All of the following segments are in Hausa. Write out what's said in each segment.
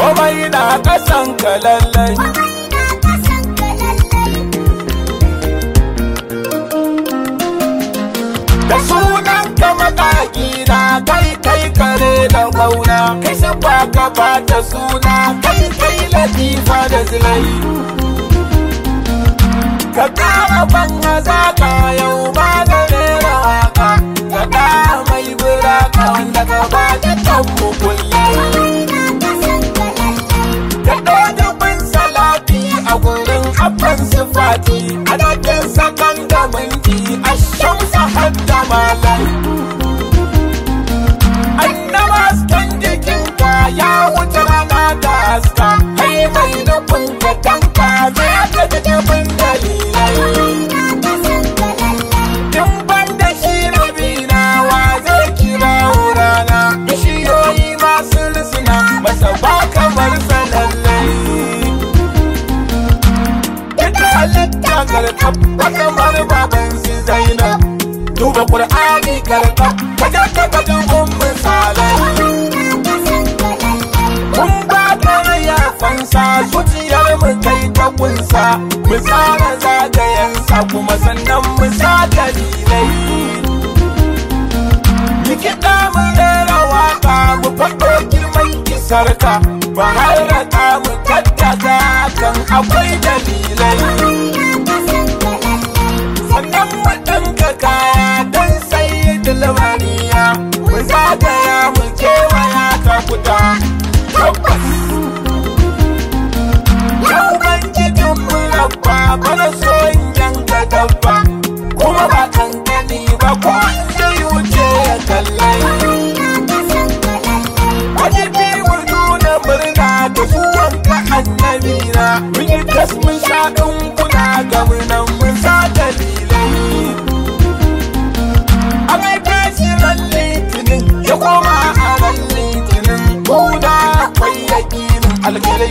komai na kasan ka lallai da sunan ka makaki na kai kai kare da gauna kai sabba ka bata suna kai kai latifa da zilai ka kara banga zaka yau ba da rera haka. ka mai buraka wanda ka ba da mata annaba askan jikinka ya wuce rana ta aska hai mai nufin ka duba qur'ani Kur'ani kaje ka gajin ummu salai kun ba ta ya fansa zuciyar mu kai ta kunsa za tsara zagayensa kuma sannan mu sa dalilai Ki kiɗa mu rera waƙa mu faɗo girman kisarka ba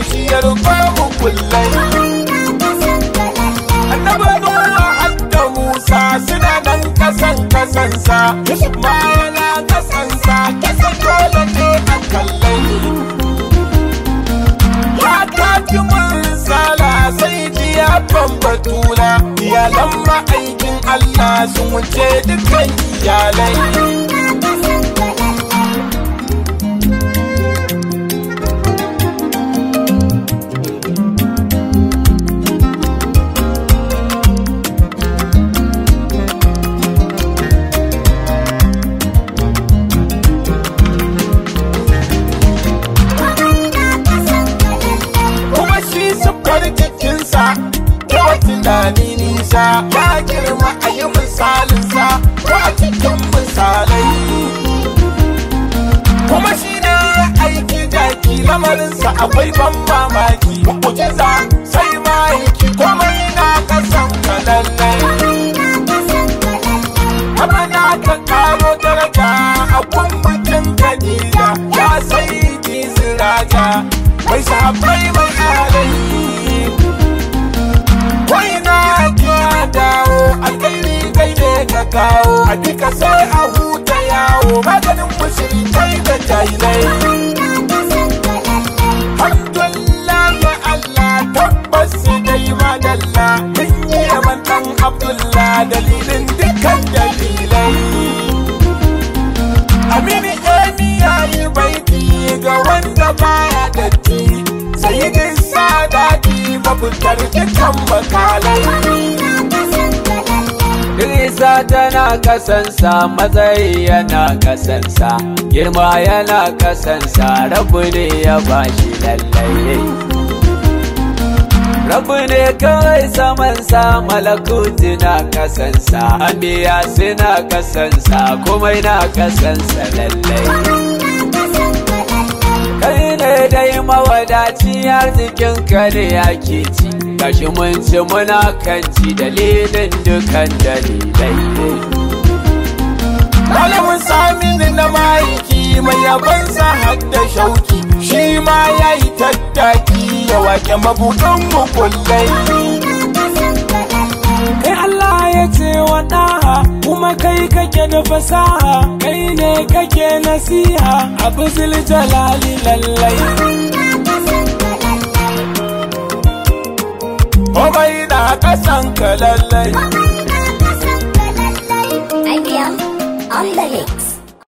kullai siyar babu kullai annabi nuwa hadda musa suna nan kasan kasansa ma kasansa kasa dole ne a kallai mata kimin sala sai diya bambatula iyalan ma'aikin allah sun wuce dukkan iyalai tunani nisa ya girma a yi misalinsa ko a cikin misalai kuma shi ne aiki jaki lamarinsa akwai ban mamaki za sai ma yake komai na kasan kalalle Haba na ka karo daraja a kun mutum ya sai jiziraja mai sahabbai a duka sai a huta yawo maganin mushrikai da jahilai Abdullah ya Allah tabbas dai madalla in yi yaman dan dalilin dukkan dalilai Amini Emi yayi yi baiti ga baya datti sai dai sadaki mafitar dukkan Daraja tana kasansa matsayi yana kasansa girma yana kasansa rabu ne ya bashi lallai Rabu ne kawai samansa malakuti na kasansa Ambiya suna kasansa komai na kasansa lallai kai ne dai mawadaci arzikin kare yake ci gashi mun ci muna kan ci dalilin dukan dalilai malamin saminu na maiki mai yaban har da shauki shi ma ya yi tattaki ya wake mabuɗan mukullai Allah ya ce kake da fasaha kai ne kake nasiha abu jalali lallai Obai na kasan ka lallai